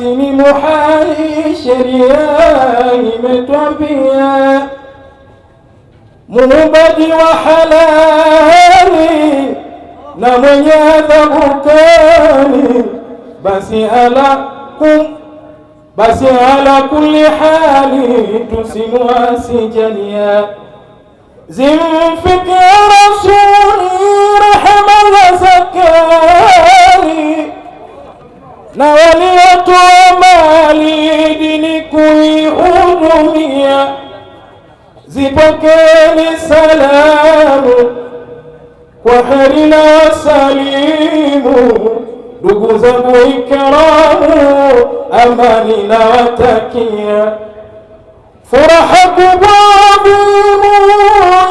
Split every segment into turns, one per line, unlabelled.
Ni muhali sheria imetwambia, muumbaji wa halali na mwenye adhabu kali, basi ala kum basi ala kulli hali tusimwasi jania zimfikia zipokeni salamu kwa heri na salimu, ndugu zangu ikramu, amani na watakia furaha kubwa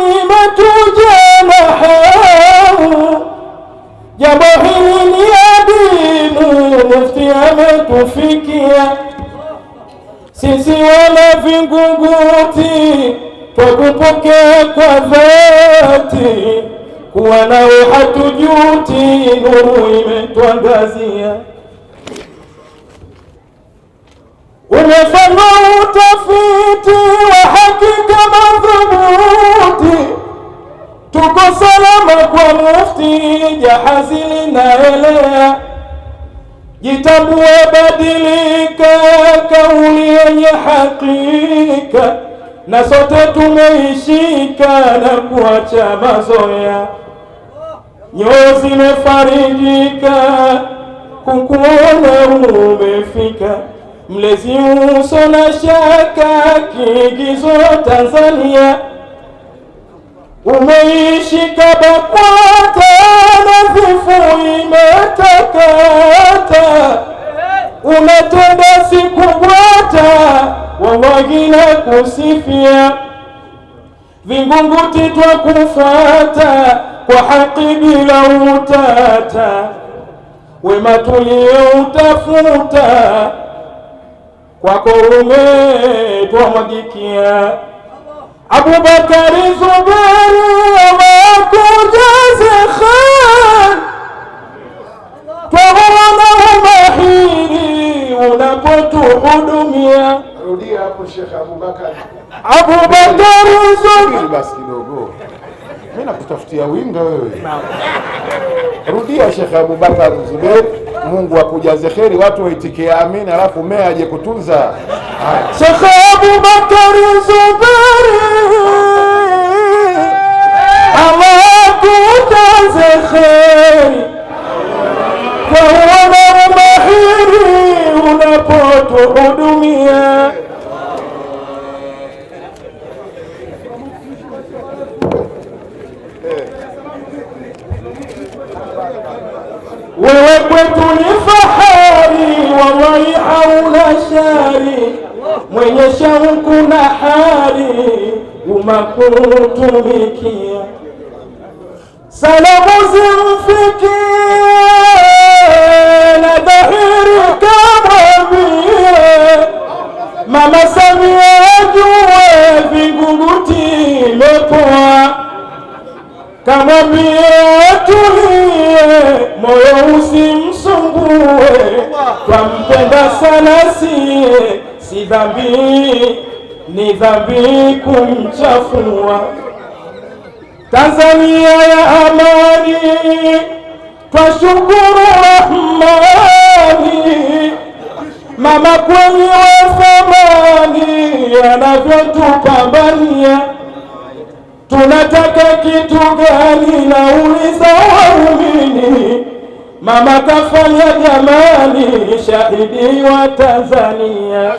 imetujamahau. Jambo hili ni adimu, mufti ametufikia sisi wala vingunguti kwa kupokea kwa dhati, kuwa nawe hatujuti, nuru imetuangazia. Umefanywa utafiti wa hakika madhubuti, tuko salama kwa mufti, jahazi linaelea. Jitambue, badilika, kauli yenye hakika na sote tumeishika na kuacha mazoea, nyoyo zimefarijika kukuona umefika, mlezi uso na shaka, kiigizo Tanzania umeishika BAKWATA na vifu imetakata, umetenda siku Allahi kusifia Vingunguti twakufata, kwa haki bila utata, wema tulioutafuta, kwako umetwamwagikia. Abubakari Zuberi wakujaze kheri hapo Sheikh Abubakar. Abubakar Zuri basi kidogo. Mimi nakutafutia winga wewe. Rudia Sheikh Abubakar Zuberi, Mungu akujaze kheri, watu waitikie amina, alafu mea aje kutunza. Sheikh Abubakar Zuberi, Allah akujaze kheri. kumakutumikia, salamu zimfikie na dhahiri kamwambie Mama Samia ajue Vingunguti imepoa, kamwambie atulie, moyo usimsungue, twampenda sana sie si dhambi ni dhambi kumchafua. Tanzania ya amani, twashukuru Rahmani, mama kwenye wasamani anavyotupambania. Tunataka kitu gani? Nauliza waumini, mama kafanya jamani, shahidi wa Tanzania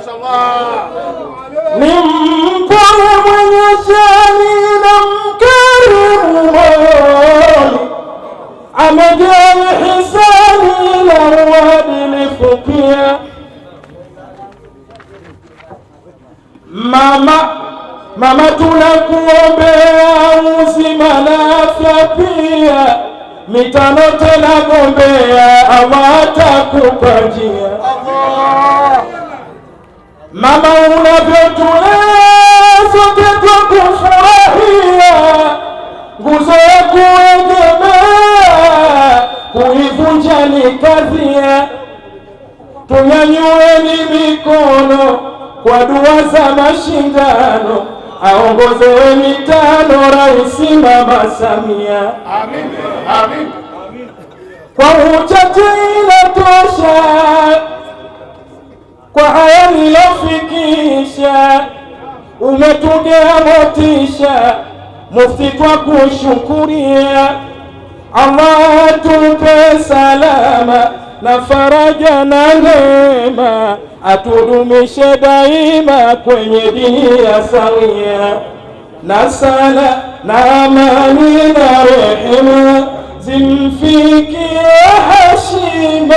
ni mpole mwenye jani na mkarimu moyoni, amejaa hisani na uadilifu pia. Mama, mama tunakuombea uzima na afya pia, mitano tena gombea, hawatakupa njia mama, unavyotulea sote kwa nguzo ya kuegemea, kuivunja ni kazi ya tunyanyueni mikono kwa dua za mashindano, aongozewe mitano Rais Mama Samia. Amin, amin, Kwa uchache inatosha kwa haya mlofikisha, umetugea motisha, mufti twa kushukuria. Allah atupe salama na faraja na neema, atudumishe daima kwenye dini ya sawia, na sala na amani na rehema zimfikie Hashima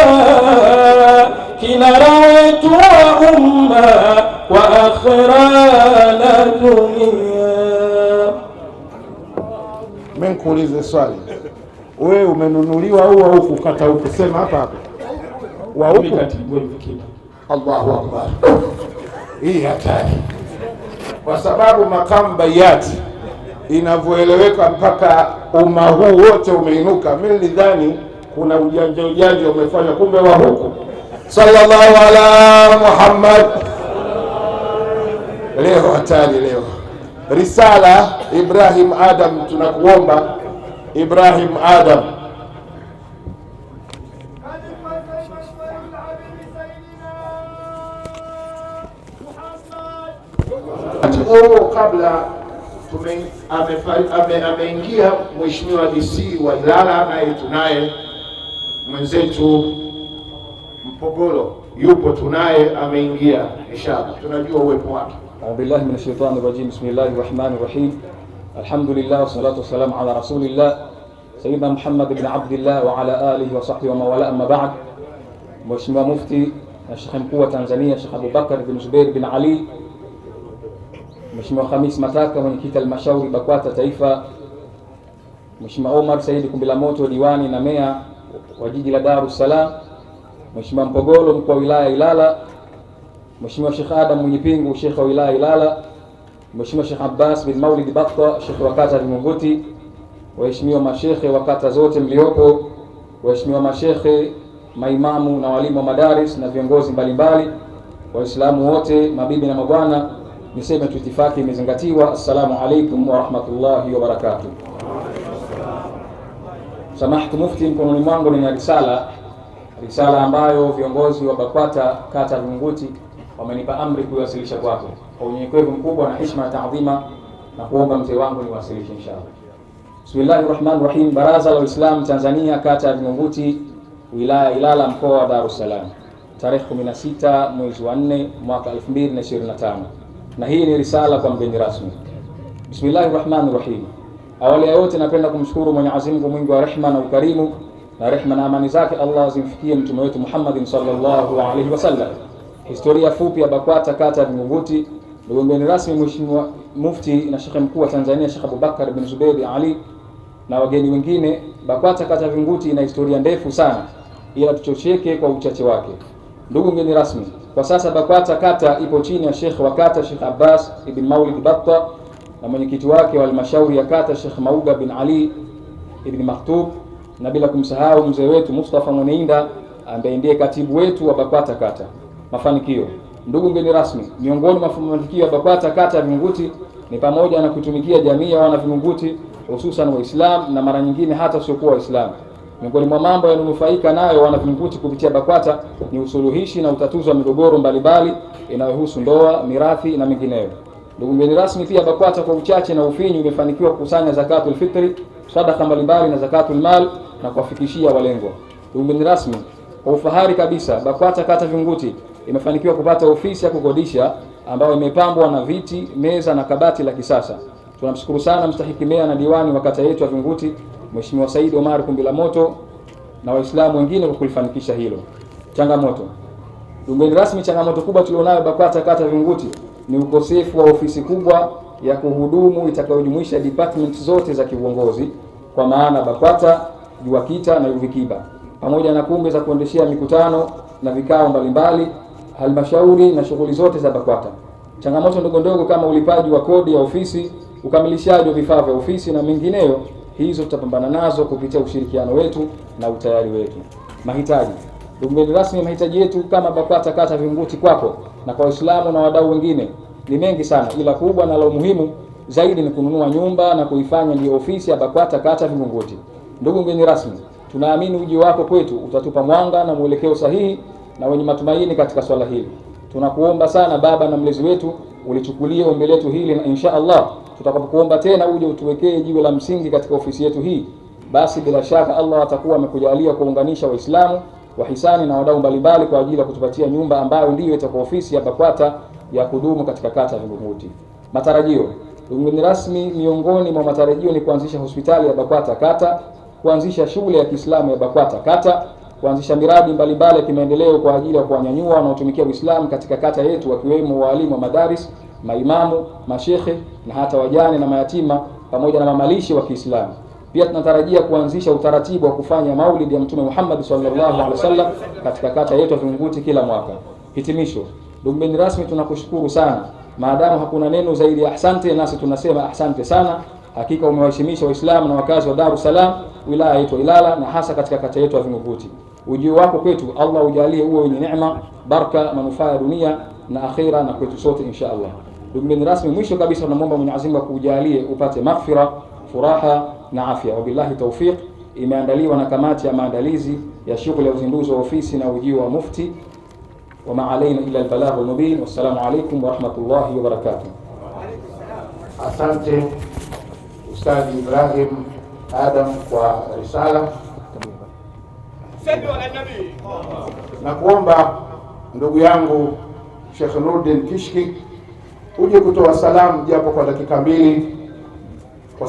kinara wetu wa umma wa akhira na dunia. Mimi nikuulize swali, wewe umenunuliwa au huku kata huku? Sema hapa hapa wa huku. Allahu akbar! Hii hatari, kwa sababu makamu Bayati inavyoeleweka mpaka umma huu wote umeinuka. Mimi nilidhani kuna ujanja ujanja umefanya, kumbe wa huku sallallahu ala Muhammad. Leo hatari leo, risala Ibrahim Adam, tunakuomba Ibrahim Adam huo oh, kabla ameingia Mheshimiwa DC wa Ilala, naye tunaye mwenzetu Mpogolo yupo tunaye, ameingia inshallah, tunajua uwepo wake. Audhubillahi min shaitani rajim, bismillahi rahmani rahim, alhamdulillah wassalatu wassalamu ala rasulillah sayidina Muhammad ibn abdillah wa ala alihi wa sahbihi wa mawala, amma ba'd. Mheshimiwa Mufti na Sheikh Mkuu wa Tanzania Sheikh Abubakar bin Zubair bin Ali, Mheshimiwa Khamis Mataka mwenyekiti halmashauri BAKWATA Taifa, Mheshimiwa Omar Saidi Kumbila Moto diwani na meya wa jiji la Dar es Salaam Mheshimiwa Mpogolo mkuu wa wilaya Ilala, Mheshimiwa Sheikh Adam Mwenyipingu Sheikh wa wilaya Ilala, Mheshimiwa Sheikh Abbas bin Maulid Bakta Sheikh wa kata Vingunguti, waheshimiwa mashekhe wa kata zote mliopo, waheshimiwa mashekhe, maimamu na walimu wa madaris na viongozi mbalimbali, Waislamu wote, mabibi na mabwana, niseme tu itifaki imezingatiwa. Assalamu alaikum wa rahmatullahi wa barakatuh. Samahtu Mufti, mkononi mwangu nina risala risala ambayo viongozi wa BAKWATA kata ya Vingunguti wamenipa amri kuiwasilisha kwako kwa unyenyekevu mkubwa na heshima ya taadhima, na kuomba mzee wangu niwasilishe inshallah. Bismillahi Rahmanir Rahim. Baraza la Uislamu Tanzania kata ya Vingunguti wilaya Ilala mkoa wa Dar es Salaam tarehe 16 mwezi wa 4 mwaka 2025, na hii ni risala kwa mgeni rasmi. Bismillahi Rahmanir Rahim. Awali ya yote napenda kumshukuru Mwenyezi Mungu mwingi wa rehma na ukarimu na rehma na amani zake Allah zimfikie mtume wetu Muhammad sallallahu alaihi wasallam. Historia fupi ya BAKWATA kata ya Vingunguti. Ndugu mgeni rasmi, Mheshimiwa Mufti na Shekhe Mkuu wa Tanzania Shekh Abubakar bin Zubeidi Ali na wageni wengine, BAKWATA kata ya Vingunguti ina historia ndefu sana, ila tuchocheke kwa uchache wake. Ndugu mgeni rasmi, kwa sasa BAKWATA kata ipo chini ya Shekh wa kata Shekh Abbas ibn Maulid Batta na mwenyekiti wake wa halmashauri ya kata Shekh Mauga bin Ali ibn Maktub na bila kumsahau mzee wetu Mustafa Mweneinda ambaye ndiye katibu wetu wa BAKWATA kata. Mafanikio ndugu mgeni rasmi, miongoni mwa mafanikio ya BAKWATA kata ya Vingunguti ni pamoja na kutumikia jamii ya wana Vingunguti hususan Waislamu na mara nyingine hata usiokuwa Waislamu. Miongoni mwa mambo yanayonufaika nayo wana Vingunguti kupitia BAKWATA ni usuluhishi na utatuzi wa migogoro mbalimbali inayohusu ndoa, mirathi na mengineyo. Ndugu mgeni rasmi, pia BAKWATA kwa uchache na ufinyu imefanikiwa kukusanya zakatul fitri, sadaka mbalimbali na zakatul mal na kuwafikishia walengwa. Mgeni rasmi, kwa ufahari kabisa, BAKWATA kata Vinguti imefanikiwa kupata ofisi ya kukodisha ambayo imepambwa na viti, meza na kabati la kisasa. Tunamshukuru sana mstahiki meya na diwani wa kata yetu ya Vinguti Mheshimiwa Said Omar Kumbila Moto na Waislamu wengine kwa kulifanikisha hilo. Changamoto. Mgeni rasmi, changamoto kubwa tulionayo BAKWATA kata Vinguti ni ukosefu wa ofisi kubwa ya kuhudumu itakayojumuisha department zote za kiuongozi kwa maana BAKWATA Juakita na Uvikiba pamoja na kumbi za kuendeshea mikutano na vikao mbalimbali, halmashauri na shughuli zote za BAKWATA. Changamoto ndogo ndogo kama ulipaji wa kodi ya ofisi, ukamilishaji wa vifaa vya ofisi na mengineyo, hizo tutapambana nazo kupitia ushirikiano wetu na utayari wetu. Mahitaji. Ndugu mgeni rasmi, mahitaji yetu kama BAKWATA kata Vingunguti kwako na kwa Waislamu na wadau wengine ni mengi sana, ila kubwa na la umuhimu zaidi ni kununua nyumba na kuifanya ndio ofisi ya BAKWATA kata Vingunguti. Ndugu mgeni rasmi, tunaamini uji wako kwetu utatupa mwanga na mwelekeo sahihi na wenye matumaini katika swala hili. Tunakuomba sana Baba na mlezi wetu, ulichukulie ombi letu hili, na insha Allah tutakapokuomba tena uje utuwekee jiwe la msingi katika ofisi yetu hii, basi bila shaka Allah atakuwa amekujalia kuunganisha Waislamu wahisani na wadau mbalimbali kwa ajili ya kutupatia nyumba ambayo ndiyo itakuwa ofisi ya BAKWATA ya kudumu katika kata ya Vingunguti. Matarajio mgeni rasmi, miongoni mwa matarajio ni kuanzisha hospitali ya BAKWATA kata kuanzisha shughuli ya Kiislamu ya BAKWATA kata, kuanzisha miradi mbalimbali ya kimaendeleo kwa ajili ya kuwanyanyua wanaotumikia Uislamu katika kata yetu, wakiwemo waalimu wa madaris, maimamu, mashehe na hata wajane na mayatima pamoja na mamalishi wa Kiislamu. Pia tunatarajia kuanzisha utaratibu wa kufanya maulidi ya Mtume Muhammad sallallahu alaihi wasallam katika kata yetu ya Vingunguti kila mwaka. Hitimisho, ndugu mgeni rasmi, tunakushukuru sana. Maadamu hakuna neno zaidi ya asante, nasi tunasema asante sana. Hakika umewaheshimisha Waislamu na wakazi wa Dar es Salaam wilaya yetu Ilala na hasa katika kata yetu ya Vingunguti. Ujio wako kwetu Allah ujalie uwe wenye neema, baraka, manufaa ya dunia na akhira na kwetu sote insha Allah. Ndugu mgeni rasmi, mwisho kabisa tunamwomba Mwenyezi Mungu akujalie upate maghfira, furaha na afya. Wabillahi tawfiq. Imeandaliwa na kamati ya maandalizi ya shughuli ya uzinduzi wa ofisi na ujio wa mufti. Wama alaina illa albalaghul mubin. Wassalamu alaykum wa rahmatullahi wa barakatuh. Asante Ustadhi Ibrahim. Adam kwa risala na kuomba ndugu yangu Sheikh Nuruddin Kishki uje kutoa salamu japo kwa dakika mbili.